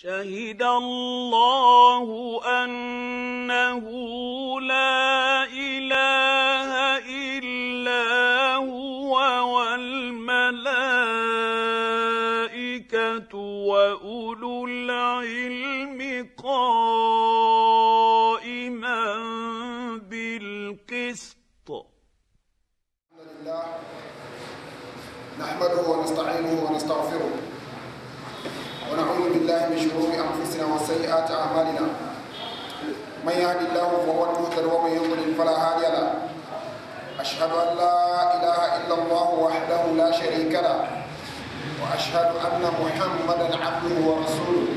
شهد الله انه لا اله الا هو والملائكه واولو العلم قائما بالقسط نحمده ونستعينه ونستغفره شرور أنفسنا وسيئات أعمالنا من يهد الله فهو المهتد ومن يضلل فلا هادي له أشهد أن لا إله إلا الله وحده لا شريك له وأشهد أن محمدا عبده ورسوله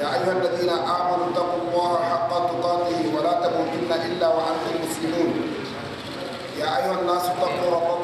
يا أيها الذين آمنوا اتقوا الله حق تقاته ولا تموتن إلا وأنتم مسلمون يا أيها الناس اتقوا ربكم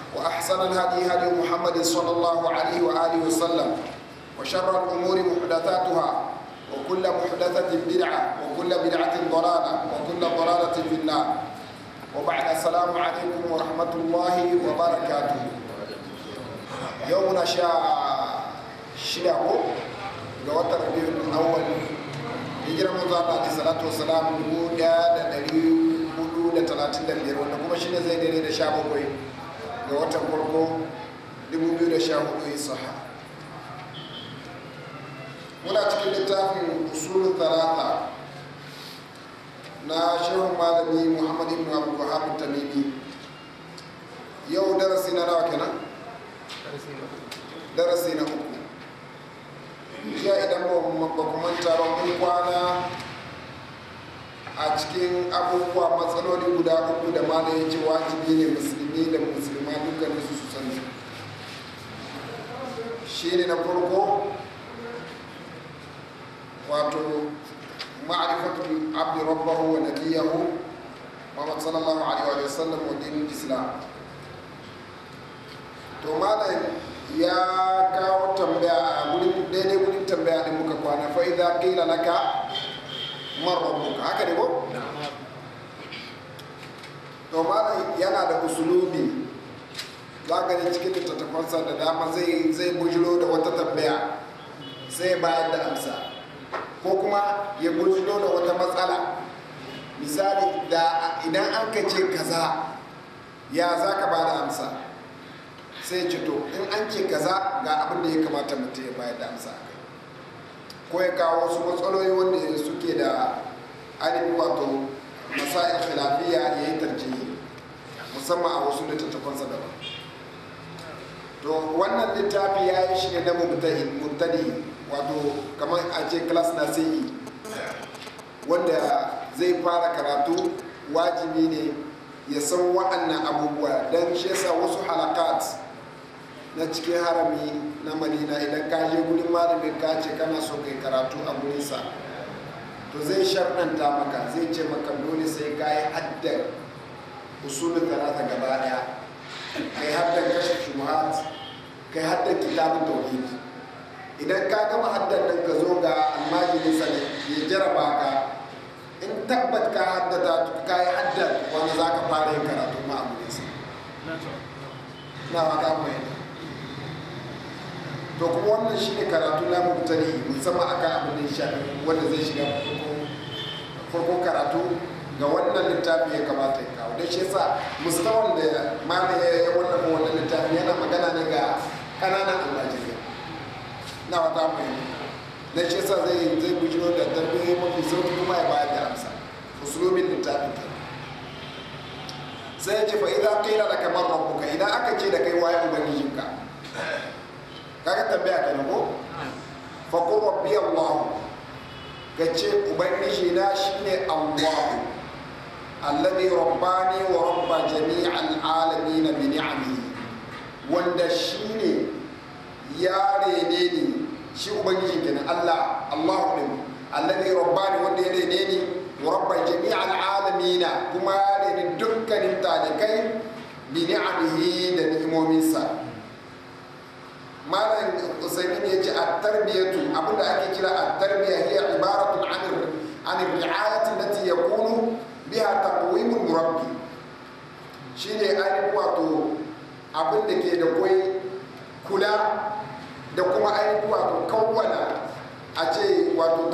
وأحسن الهدي هدي محمد صلى الله عليه وآله وسلم وشر الأمور محدثاتها وكل محدثة بدعة وكل بدعة ضلالة وكل ضلالة في النار وبعد السلام عليكم ورحمة الله وبركاته يومنا شاء شلاكو لوتر ربيع الأول hijirar manzo Allah alaihi salatu wassalam dubu ɗaya da ɗari hudu da talatin da biyar wanda kuma shine zai daidai da sha bakwai ga watan farko 2014 saha muna cikin littafin usulun tarata na shehun malami muhammad ibn abu wahab tamimi yau darasi na nawa kenan darasi na uku Ya idan ba ku manta mun kwana a cikin abubuwa matsaloli guda uku da malam ya ce wajibi ne musulmi da musulmi amma dukkanin su su san shi shi ne na farko wato ma'arifatul abdi rabbahu wa nabiyahu Muhammad sallallahu alaihi wa sallam wa dinin Islam to malam ya kawo tambaya a gudun daidai gudun tambaya din muka kwana fa idza qila laka man rabbuka haka ne ko to malam yana da usulubi za ka ne cikin littattafansa da dama zai zai bujiro da wata tambaya sai bayar da amsa ko kuma ya bujiro da wata matsala misali da idan an ka ce kaza ya za ka ba da amsa sai ce in an ce kaza ga abin da ya kamata mutum ya bayar da amsa ko ya kawo wasu matsaloli wanda suke da ainihin wato masa'il filafiya ya yi tarjihi musamman a wasu littattafansa daban to wannan littafi ya yi shi ne na wato kamar a ce klas na sai e, wanda zai fara karatu wajibi ne ya san wa'annan abubuwa don shi yasa wasu halakat na cikin harami na madina idan ka je gudun malamin ka ce kana so kai karatu a gurinsa to zai sharɗanta maka zai ce maka dole sai ka yi haddar usulun karata gaba daya kai haddan kashe shubuhat kai haddan kitabu tauhid idan ka gama haddan nan ka zo ga almajirin sa ya jaraba ka in tabbat ka haddata ka yi haddan wanda za ka fara yin karatu ma abu ne sa na fata mai to kuma wannan shi ne karatu na mubtali musamman aka abin da ya shafi wanda zai shiga farko karatu ga wannan littafi ya kamata ya abu da shi yasa musamman da mana ya wallafa wannan littafin yana magana ne ga kananan almajirai na wata mai da shi yasa zai zai bujiro da yi mafi sauki kuma ya bayar da amsa usulobin littafi ta sai ce fa'ida idan qila kamar man rabbuka idan aka ce da kai waye ubangijinka kaga tambaya kenan ko fa qul rabbi allah ce ubangiji na shine allah alladhi rabbani wa rabba jami'al alamin bi ni'ami wanda shine ya rene ni shi ubangiji kenan Allah Allahu din alladhi rabbani wanda ya rene ni wa rabba jami'al alamin kuma ya rene dukkanin talikai bi ni'amihi da ni'imominsa malam usaimin ya ce a tarbiyatu abinda ake kira a tarbiya hiya an biha taqwimul murabbi shine ainihin wato abin da ke da kwai kula da kuma ainihin wato kawwala a ce wato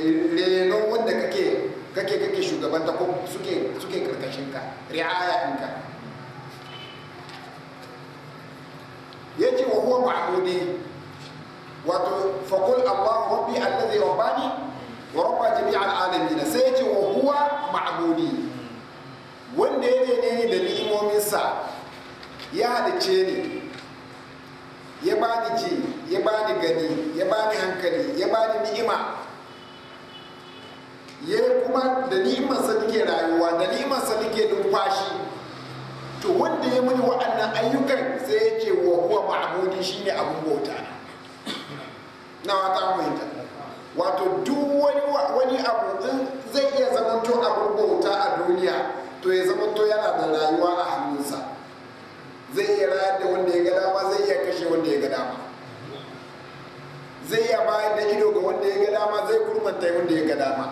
eh, renon wanda kake kake kake shugabanta ko suke suke karkashin ka ri'aya ya yace wa huwa ma'budi wato faqul allahu rabbi alladhi rabbani wa rabba jami'al alamin sai yace wa huwa ma'amuni wanda ya ne ni da limominsa ya ce ne ya bani ji ya ni gani ya bani hankali ya bani ni'ima ya kuma da ni'imarsa nike rayuwa da ni'imarsa nake numfashi to wanda ya muni wa'annan ayyukan sai ya ce wa huwa shi ne abin bauta na wata fahimta wato duk wani abu zai iya zamanto abin bauta a duniya to ya zamanto yana da rayuwa a hannunsa zai iya rayar da wanda ya ga dama zai iya kashe wanda ya ga dama zai iya bayar da ido ga wanda ya ga dama zai kurmanta wanda ya ga dama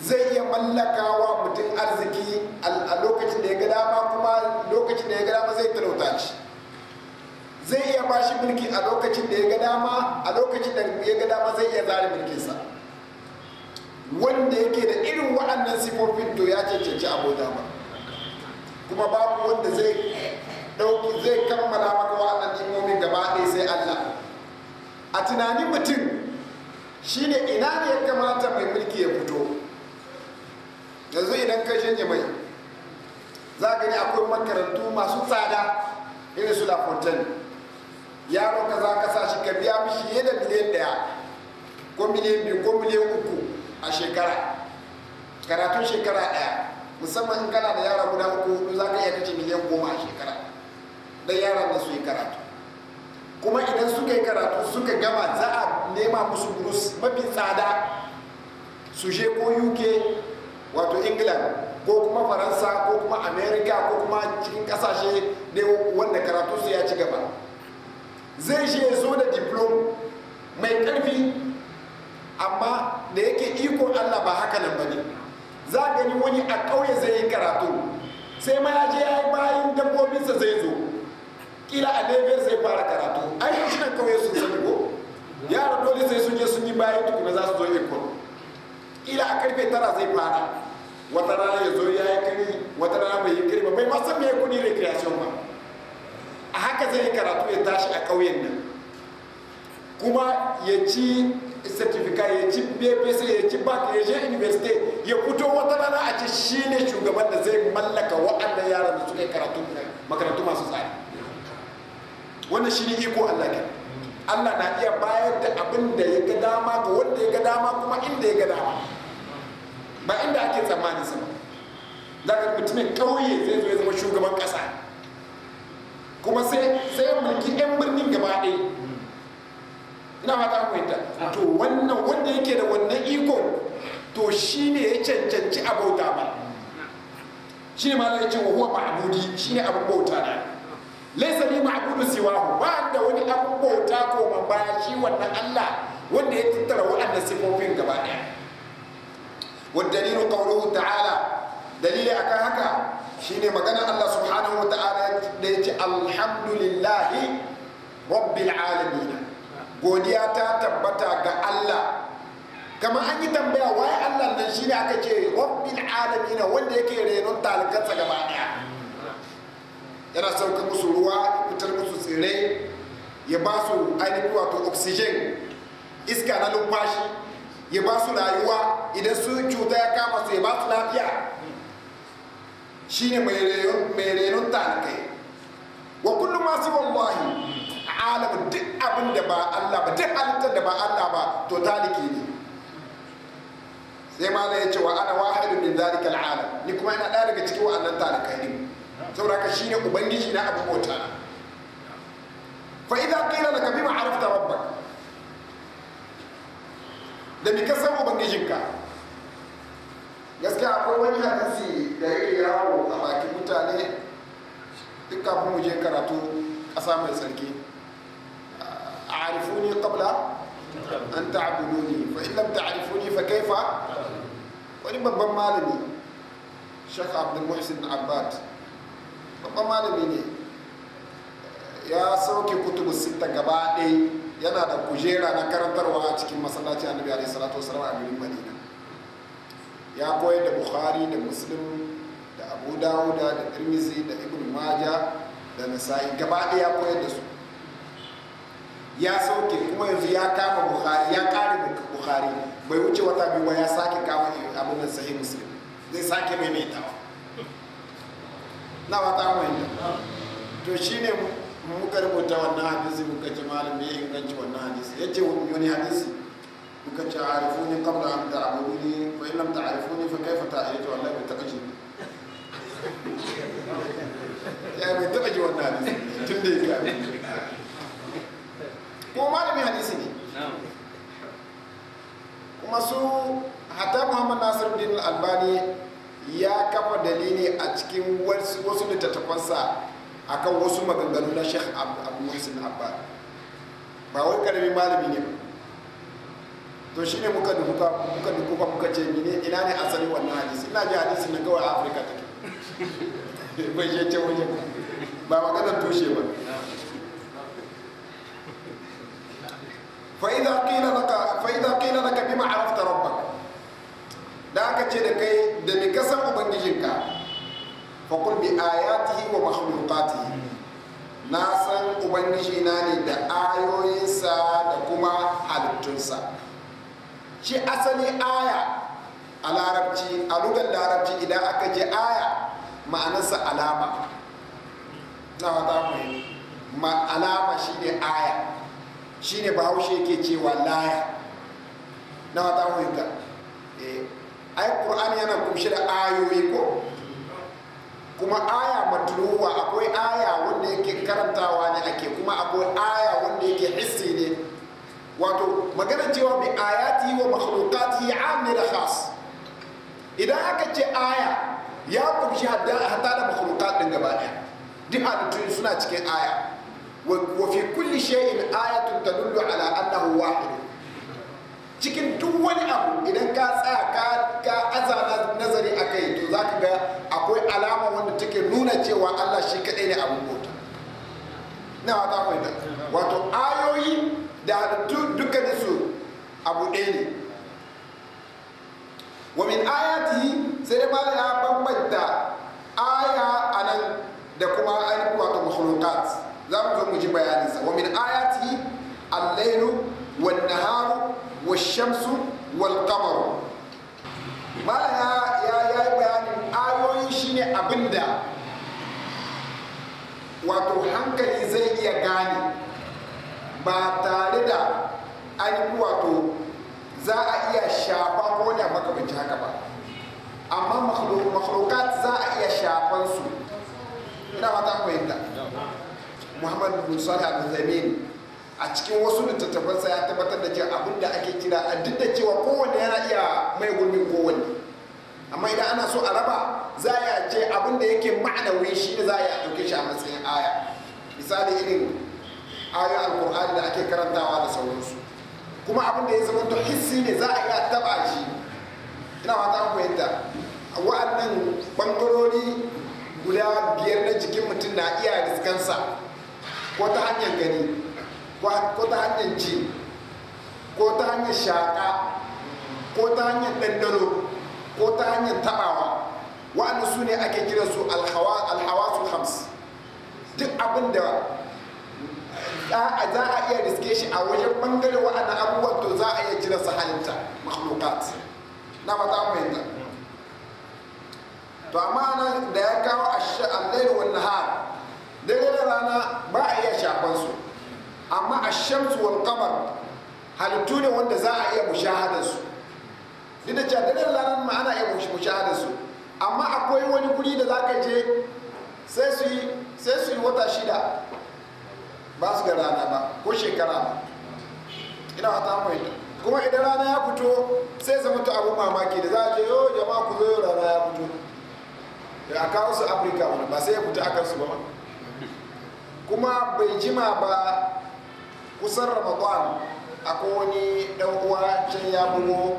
zai iya mallaka wa mutum arziki a lokacin da ya ga dama kuma lokacin da ya ga dama zai talauta shi zai iya bashi mulki a lokacin da ya ga dama a lokacin da ya gada dama zai iya zare mulkinsa wanda yake da irin waɗannan sifofin to ya cancanci abota ba kuma babu wanda zai ɗauki zai kammala maka waɗannan imomi gaba ɗaya sai Allah a tunanin mutum shine ina ne ya kamata mai mulki ya fito yanzu idan ka shanye mai za ka gani akwai makarantu masu tsada irin su la fontaine yaro ka za ka sa shi ka biya mishi yadda miliyan ɗaya ko miliyan biyu ko miliyan uku a shekara karatun shekara ɗaya musamman in kana da yara guda uku za ka iya kace miliyan goma a shekara don yara da su yi karatu kuma idan suka yi karatu suka gama za a nema musu burus mafi tsada su je ko uk wato england ko kuma faransa ko kuma america ko kuma cikin kasashe ne wanda karatu su ya ci gaba zai je zo da diploma mai karfi amma da yake ikon allah ba haka nan ba ne za a gani wani a ƙauye zai yi karatu sai ma ya je ya yi bayan dabbobinsa zai zo kila a lebe zai fara karatu ai shi nan ƙauye sun sani ko yara dole sai sun je sun yi bayan tukuna za su zo ikon kila a karfe tara zai fara wata rana ya zo ya yi kari wata rana bai yi kari ba bai masan mai kudi recreation ba a haka zai yi karatu ya tashi a ƙauyen nan kuma ya ci Certificat ya ci bpc ya ci bac ya je université ya fito wata rana a ce shi ne shugaban da zai mallaka wa'anda yaran da suka yi karatu makarantu masu tsari wannan shi ne iko allah ne allah na iya bayar da abin da ya ga dama ga wanda ya ga dama kuma inda ya ga dama ba inda ake tsammani sama za ka mutumin ƙauye zai zo ya zama shugaban ƙasa kuma sai mulki 'yan birnin gaba ɗaya ina fata ku yadda to wannan wanda yake da wannan iko to shi ne ya cancanci a bauta mai ne malai ya ce wa huwa shi ne abin bauta na laisa ni ma'budu siwa ba da wani abin bauta ko ma baya shi wannan Allah wanda ya tattara waɗanda sifofin gaba ɗaya والدليل قوله تعالى دليل akan haka ne magana Allah subhanahu wa ta'ala da yace alhamdulillahi rabbil alamin godiya ta tabbata ga Allah kamar an yi tambaya wai Allah nan shine aka ce rabbil alamin wanda yake renon talakansa gaba daya yana sauka musu ruwa fitar musu tsire ya ba su ainihin wato oxygen iska na numfashi ya ba su rayuwa idan su cuta ya kama su ya ba su lafiya shine mai renon talakai, wa kullum masu wallahi alam duk abin da ba Allah ba duk halittar da ba Allah ba to taliki ne sai malam ya ce wa ana wahidun min zalikal alam ni kuma ina ɗaya daga cikin wa'annan talikai ne saboda ka shine ubangiji na abu bauta na fa idza qila laka bima arafta rabbak da bi ka ubangijin ka gaskiya akwai wani hadisi da yake yawo a bakin mutane duk kafin mu je karatu ƙasa mai sarki أعرفوني قبل أن تعبدوني فإن لم تعرفوني فكيف wani babban malami shek abdul muhsin abbad babban malami ne ya sauke kutubu sita gaba ɗaya yana da kujera na karantarwa a cikin masallaci annabi alaihi salatu wasallam a garin madina ya koyar da bukhari da muslim da abu dawuda da tirmizi da ibn maja da nasa'i gaba ɗaya ya koyar da su yaso yasokile kumwenzi kama bukhari ya yakali bukhari bwe uche watabiwa sake kama abona sahihi muslim ni sake mimi itawa na watakwenda to shine muka rubuta wannan hadisi muka ce malam ya inganci wannan hadisi yace wani hadisi muka ce arifuni qabla an ta'buduni fa in lam ta'rifuni fa kayfa ta'rifu wallahi bi taqji ya bai taba ji wannan hadisi tun da ya ga kuma malamin hadisi ne kuma su hatta muhammad din albani ya kafa dalili a cikin wasu littattafansa a kan wasu maganganu na sheikh abu muhsin abba ba wai karami malami ne ba to shi ne muka dukuka muka dukuka muka ce mine ina ne asali wannan hadisi ina ji hadisi na kawai afirka ta ke bai je ce waje ba magana tushe ba فإذا قيل لك فإذا قيل لك بما عرفت ربك ذاك تشدكي دمي كسر وبنجيكا فقل بآياته ومخلوقاته na san ubangiji na ne da ayoyinsa da kuma halittunsa shi asali aya a larabci a lugar larabci idan aka je aya ma'anarsa alama na wata alama shi ne aya Shi shine bahaushe yake cewa laya na wata eh ai qur'ani yana kumshe da ayoyi ko kuma aya matluwa akwai aya wanda yake karantawa ne ake kuma akwai aya wanda yake hissi ne wato magana cewa bi ayati wa makhluqati am ne da khas idan aka ce aya ya kumshi hatta da makhluqat din gaba daya duk halittu suna cikin aya وفي كل شيء آية تدل على أنه واحد cikin duk wani abu idan ka tsaya ka azana nazari a kai to za ka ga akwai alama wanda take nuna cewa Allah shi kadai ne abin bauta na wata fahimta wato ayoyi da dukkanin su abu ɗaya ne wa min ayatihi sai da ya bambanta aya anan da kuma ainihin wato makhluqat za mu zo mu ji bayaninsa wa min ayati al-lailu wan naharu wash-shamsu wal qamaru mala ya ya yi bayanin ayoyi shine abinda wato hankali zai iya gane ba tare da an wato za a iya shafa ko da makamanci haka ba amma makhlukat za a iya shafan su ina fata fahimta muhammad bin salih al a cikin wasu littattafansa ya tabbatar da cewa abin da ake kira a duk da cewa kowanne yana iya mai gurbin kowanne amma idan ana so a raba za a ce abin da yake ma'anawi shi ne za a ɗauke shi a matsayin aya misali irin ayoyin alkur'ani da ake karantawa da sauransu kuma abin da ya zama to hissi ne za a iya taba shi ina fata ku yadda wa'annan bangarori guda biyar na jikin mutum na iya riskansa ko ta hanyar gani ko ta hanyar ci ko ta hanyar shaƙa ko ta hanyar dandalo, ko ta hanyar taɓawa wa'anda su ne ake kira su alhawasu hams duk abin da za a iya riske shi a wajen bangare wa'anda abubuwan to za a iya kira su halitta mahlukat na fata fahimta to amma da ya kawo a sha'an lairu wani har dare da rana ba a amma a shamsu wal kamar halittu ne wanda za a iya mushahadarsu duk da jadadar lanar ranar ma ana iya mushahadarsu amma akwai wani guri da za ka je sai su yi sai su yi wata shida ba su ga rana ba ko shekara ba ina wata mai kuma idan rana ya fito sai zama ta abu mamaki da za a ce yo jama'a ku zo rana ya fito da a kawo su afirka wani ba sai ya fita akan su ba kuma bai jima ba kusan ramadan akwai wani dan uwa can ya bugo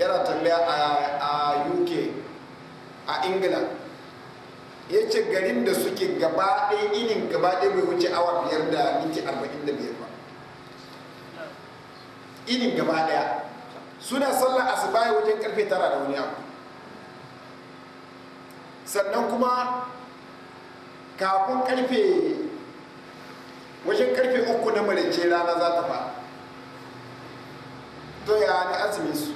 yana tambaya a uk a ingila ya ce garin da suke gaba ɗaya inin gaba ɗaya bai wuce awa biyar da minti arba'in da biyar ba inin gaba ɗaya suna sallar asibaya wajen karfe tara da wani abu sannan kuma kafin karfe wajen karfe uku na marice rana za ta fa to ya ne azumin su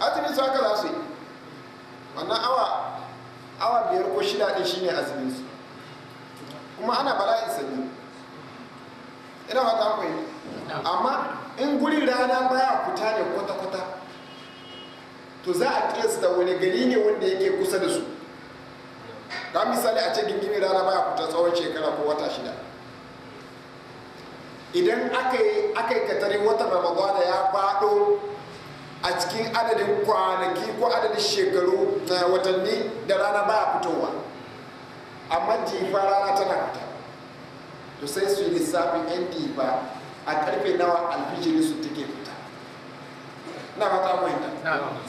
azumin su haka za su yi wannan awa awa biyar ko shida ɗin shine azumin su kuma ana bala'in sanyi ina wata akwai yi amma in guri rana baya fita ne kwata-kwata to za a kiyasta wani gari ne wanda yake kusa da su ga misali a ce gini rana baya fita tsawon shekara ko wata shida idan aka yi katare watan ramadana ya faɗo a cikin adadin kwanaki ko adadin shekaru na watanni da rana baya fitowa amma jifa rana tana fita to sai su yi lissafin yan jifa a karfe nawa alfijiri su take fita na mata mahimta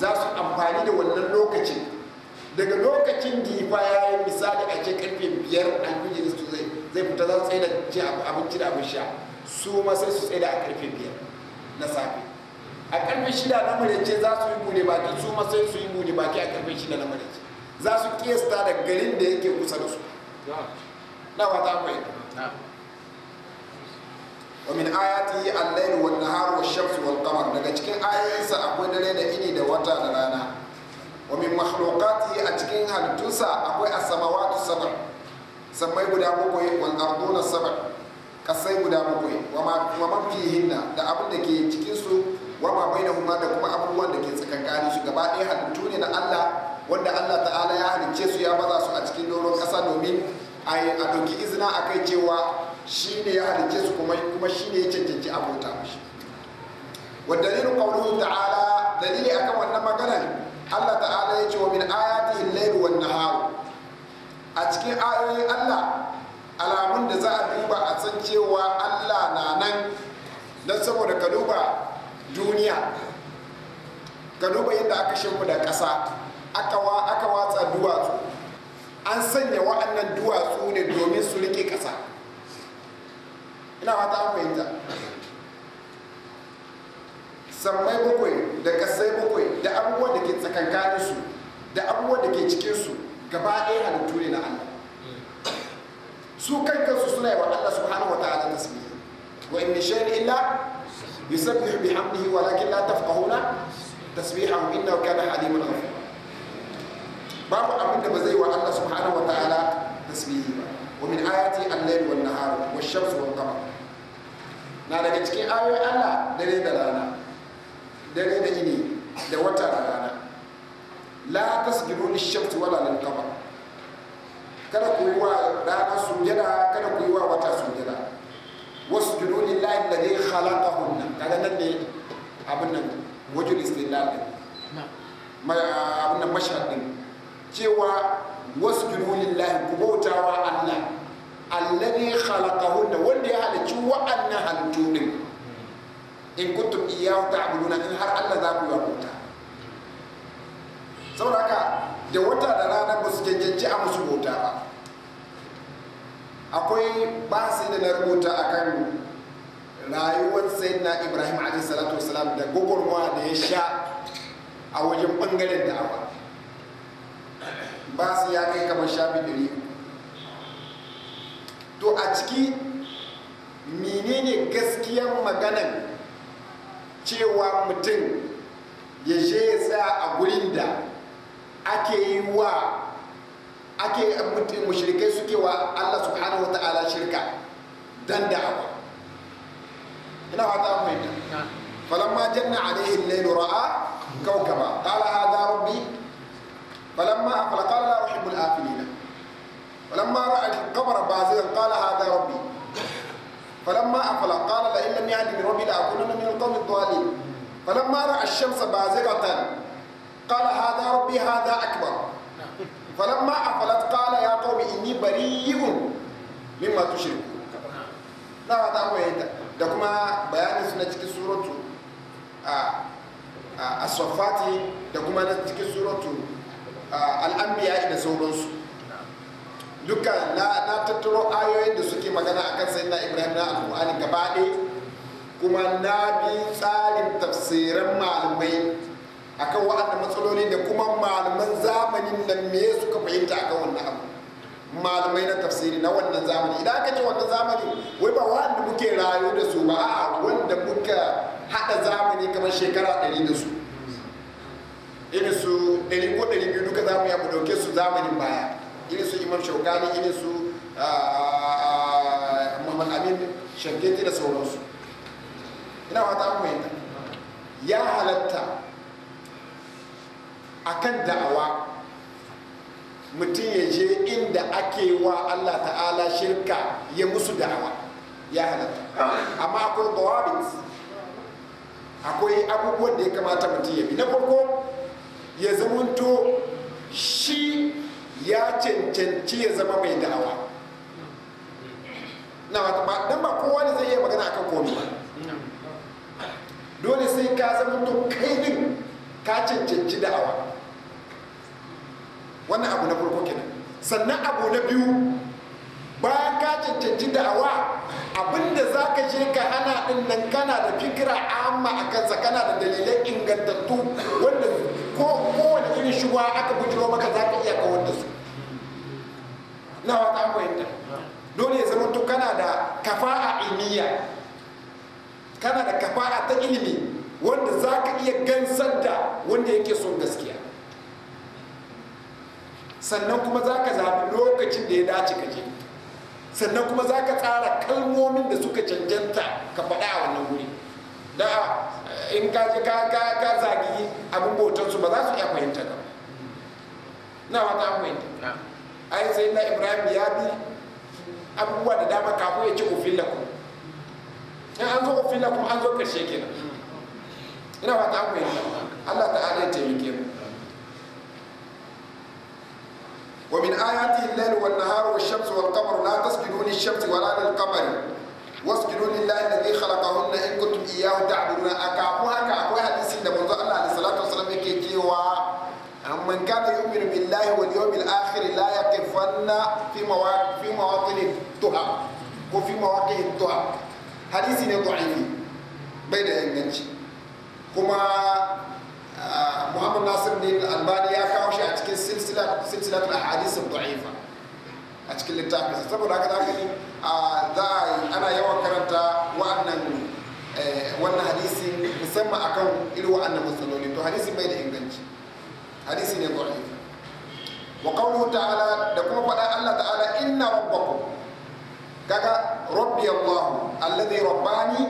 za su amfani da wannan lokacin daga lokacin jifa ya yi misali a ce karfe biyar alfijir su zai fita za su tsaye da ci abinci da abin sha su ma sai su tsaye da a karfe biyar na safe a karfe shida na mulace za su yi bude baki su ma sai su yi bude baki a karfe shida na mulace za su kiyasta da garin da yake kusa da su na wata akwai ومن آياته الليل والنهار والشمس والقمر daga cikin ayoyinsa akwai dare da ini da wata da rana wa min makhluqatihi a cikin halittunsa akwai a as-samawati sab'a samai guda bakwai wal arduna sab'a kasai guda bakwai wa man hinna da abin da ke cikinsu, su wa ma bainahuma da kuma abubuwan da ke tsakankani su gaba ɗaya halittu ne na Allah wanda Allah ta'ala ya halicce su ya baza su a cikin doron ƙasa domin a ɗauki izina a kai cewa shi ne ya halicce su kuma shi ne ya cancanci abota mashi wa dalilin qawluhu ta'ala dalili akan wannan maganar Allah ta'ala ya ce wa min ayatihi al-layl wan nahar a cikin ayoyin Allah alamun da za a duba a san cewa Allah na nan don saboda ka duba duniya ka duba yadda aka da ƙasa aka aka watsa duwatsu an sanya wa'annan duwatsu ne domin su rike ƙasa ina fata fahimta sammai bakwai da kasai bakwai da abubuwan da ke tsakankanin su da abubuwan da ke cikin su gaba ɗaya halittu ne na Allah su kan kansu suna yi wa Allah subhanahu wa ta'ala tasbihi wa in min shay'in illa yusabbihu bihamdihi walakin la tafqahuna tasbihahu innahu kana haliman ghafura babu abin da ba zai wa Allah subhanahu wa ta'ala tasbihi ba wa min ayati al-layl wan nahar wash-shams wal qamar na daga cikin ayoyin Allah dare da rana dare da ini da wata da rana la gino nishabtu wala kama kada ku yi wa rana gina kada ku yi wa wata sujada wasjudu lillahi alladhi khalaqahunna kaga nan ne abin nan wajul istilal mai abin nan mashhad din cewa ni lillahi ku bautawa Allah alladhi hunna wanda ya halicci wa'annan halittu din in kuntum iyyahu ta'buduna in har Allah za ku yi bauta saboda haka da wata da rana ba su a musu bauta ba akwai basi da na rubuta a kan rayuwar sayyidina ibrahim alaihi salatu wasalam da gugurwa da ya sha a wajen bangaren da ba su ya kai kamar shafi ɗari to a ciki menene gaskiyar maganan cewa mutum ya je ya tsaya a gurin da ake yi wa ake mushrikai suke wa Allah subhanahu wa ta'ala shirka dan da'awa ina fata mai ta falamma janna alaihi al-layl ra'a kawkaba qala hadha rabbi falamma aflaqa la uhibbu al-afilina falamma ra'a al-qamara bazigan qala hadha rabbi فلما أفلا قال لئن لم يهدي من ربي لأكونن من القوم الضالين فلما رأى الشمس بازغة قال هذا ربي هذا أكبر فلما أفلت قال يا قوم إني بريء مما تشركون na wata kwaye da kuma bayanin su na cikin suratu a sofati da kuma na cikin suratu al'ambiya da sauransu duka na tattaro ayoyin da suke magana akan sayyidina ibrahim na Alqur'ani gaba kuma na bi tsarin tafsiran malamai akan waɗannan matsaloli da kuma malaman zamanin nan me suka fahimta akan wannan abu malamai na tafsiri na wannan zamani idan aka ce wannan zamani wai ba wanda muke rayu da su ba a wanda muka haɗa zamani kamar shekara ɗari da su irin su ɗari ko ɗari biyu duka za mu ya mu ɗauke su zamanin baya irin su imam shaukani irin su muhammad amin shangeti da sauransu ina wata an yi ya halatta akan da'awa mutum ya je inda ake wa allah ta'ala shirka ya musu da'awa ya halatta amma akwai bawabit akwai abubuwan da ya kamata mutum ya bi na farko ya zumunto shi ya cancanci ya zama mai da'awa na wata ba dan ba kowa ne zai iya magana akan komai ba dole sai ka zama to kai din ka cancanci da'awa wannan abu na farko kenan sannan abu na biyu ba ka cancanci da'awa abinda za ka je ka hana din nan kana da fikira amma a kansa kana da dalilai ingantattu wanda ko kowane irin shuwa aka bujiro maka za ka iya kawar da su na wata fahimta dole ya zama to kana da kafa'a ilmiya kana da kafa'a ta ilimi wanda za ka iya gansar da wanda yake son gaskiya sannan kuma za ka zaɓi lokacin da ya dace ka je sannan kuma za ka tsara kalmomin da suka cancanta ka faɗa a wannan wuri da in ka je ka zagi abin bautansu ba za su iya fahimta ba na wata fahimta ai sai na ibrahim ya bi abubuwa da dama kafin ya ci ufin lakum in an zo ufin lakum an zo karshe kenan ina fata an fahimta allah ta'ala ya taimake mu ومن آياته الليل والنهار والشمس والقمر لا تسجدوا للشمس ولا للقمر واسجدوا لله الذي خلقهن إن كنتم إياه تعبدون أكافو أكافو حديث من الله عليه الصلاة والسلام كيكيوا من كان يؤمن بالله واليوم الآخر يصرفن في مواقع في مواطن التهم وفي مواقع التهم حديثي ne da'ifi bai da inganci kuma Muhammad Nasir ne Albani ya kawo shi a cikin silsilat silsilat al-ahadith ad-da'ifa a cikin littafin sa saboda haka zaka ni ana yawan karanta wa'annan wannan hadisi musamman akan irin wa'annan matsaloli to bai da inganci hadisi ne da'ifi wa qawluhu ta'ala da kuma faɗa Allah ta'ala inna rabbakum kaga rabbi Allah alladhi rabbani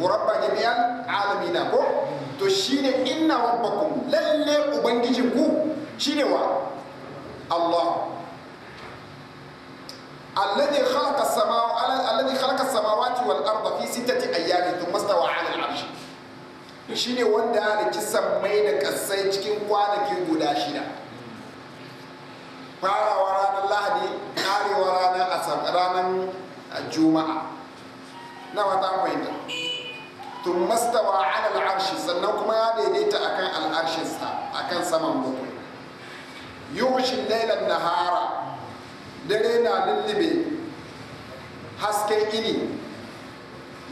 wa rabbani bil alamina ko to shi shine inna rabbakum lalle ubangijinku ne wa Allah Allah الذي خلق السماء fi خلق السماوات والارض في سته ايام ثم استوى على العرش shine wanda halicci samai da kasai cikin kwanaki guda shida farawa ranar lahadi karewa ranar asar ranar juma'a na wata fahimta tun mastawa an al'arshi sannan kuma ya daidaita akan al'arshinsa akan saman bakwai yushin lailan nahara dare na lullube hasken ini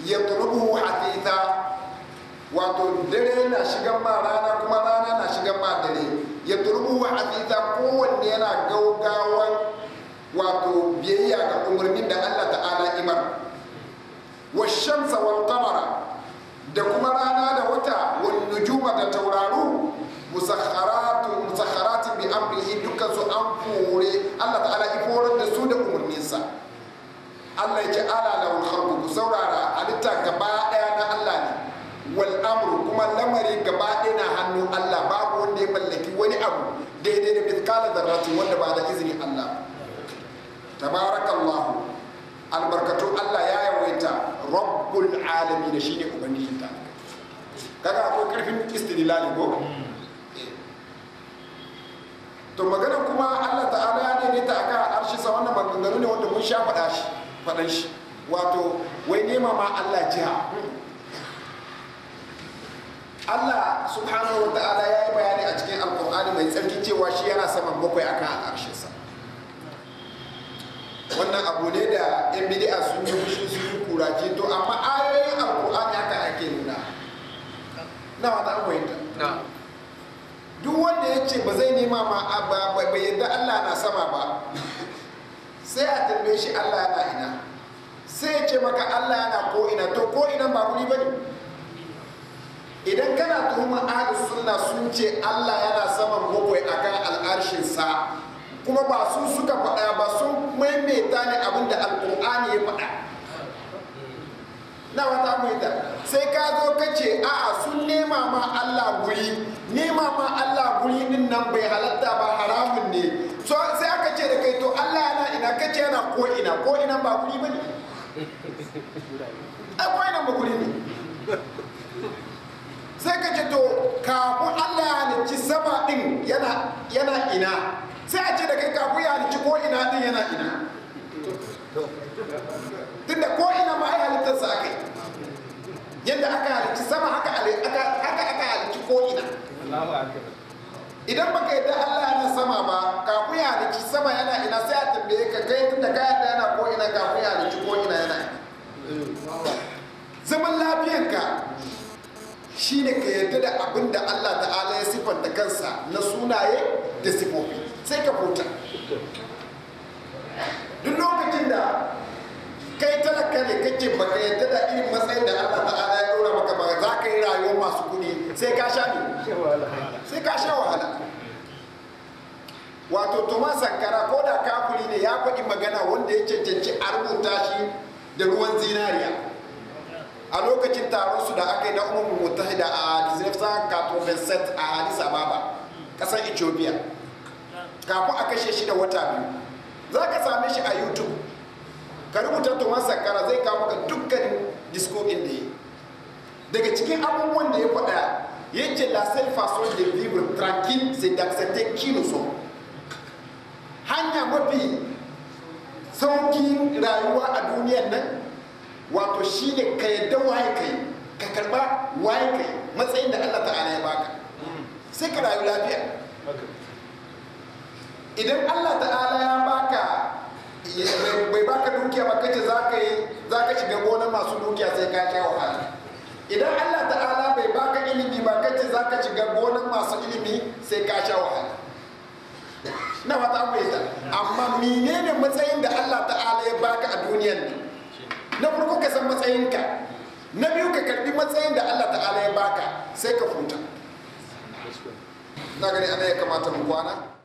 ya turubu hatita wato dare na shigan ma rana kuma rana na shigan ma dare ya turbu wa aziza kowanne yana gaugawan wato biyayya ga umarnin da Allah ta'ala imar wa shamsa wal qamara da kuma rana da wata wal nujuma da tauraro musakharatu musakharatin bi amrihi dukkan su an fore Allah ta'ala iforar da su da umarninsa Allah ya ce ala lahul khalqu ku saurara halitta gaba daya na Allah ne wal amru kuma lamari gaba ɗaya na hannu Allah babu wanda ya wani abu daidai da mithqala dharratin wanda ba da izini Allah tabarakallahu albarkatu Allah ya yawaita rabbul alamin shine ubangiji ta kaga ko karfin istidlali ko to magana kuma Allah ta'ala ya ne ta akan arshi sa wannan maganganu ne wanda mun sha faɗa shi faɗan shi wato wai nema ma Allah jiha Allah subhanahu wa ta'ala ya yi bayani a cikin alkur'ani mai tsarki cewa shi yana saman bakwai akan al'arshinsa wannan abu ne da yan bidi'a sun yi fushi su yi kuraje to amma ayoyin alkur'ani haka ake nuna na wata an ta duk wanda ya ce ba zai nema ma bai yadda Allah na sama ba sai a tambaye shi Allah yana ina sai ya ce maka Allah yana ko ina to ko ina ba kuli bane idan kana tuhuma ahlus sunna sun ce Allah yana saman bakwai akan al'arshin sa kuma ba su suka faɗa ba sun maimaita ne abinda da alƙur'ani ya faɗa na wata maita sai ka zo ka ce a'a sun nema ma Allah guri nema ma Allah guri din nan bai halatta ba haramun ne so sai aka ce da kai to Allah yana ina ka ce yana ko ina ko ina ba guri bane ai ko ba guri ne sai ka ce to kafin allah ya halicci sama din yana ina sai a ce da kai kafin ya halicci ko ina din yana ina da ko ina ma ya halittarsa akai yadda aka halicci sama haka aka halicci ko ina idan baka yadda allah na sama ba kafin ya yadda da abin da Allah ta'ala ya siffanta kansa na sunaye da sifofi sai ka kuta duk lokacin da kai talaka ne kake baka yadda da irin matsayin da Allah ta'ala ya dora maka ba za ka yi rayuwa masu kuɗi sai ka sha sai ka sha wahala wato tuma sankara ko da kafuri ne ya faɗi magana wanda ya cancanci a rubuta shi da ruwan zinariya a lokacin taron su da aka yi na mutu da a vincent a addis ababa kasar ethiopia kafin a kashe shi da wata biyu za ka same shi a youtube ka rubuta tuman sakara zai kawo ka dukkanin disko in da yi daga cikin abubuwan da ya faɗa ya ce la seule façon de vivre tranquille c'est d'accepter qui nous hanya mafi sauƙin rayuwa a duniyar nan wato shi ne ka yadda waye kai ka karba waye kai matsayin da Allah ta'ala ya baka sai ka rayu lafiya idan Allah ta'ala ya baka bai baka dukiya ba kace za ka yi za ka shiga gonar masu dukiya sai ka sha wahala idan Allah ta'ala bai baka ilimi ba kace za ka shiga gonar masu ilimi sai ka sha wahala na wata mai amma menene matsayin da Allah ta'ala ya baka a duniyar ne na farko ka san matsayinka na biyu ka karbi matsayin da Allah ta'ala ya baka sai ka futa na gani ana ya kamata mu kwana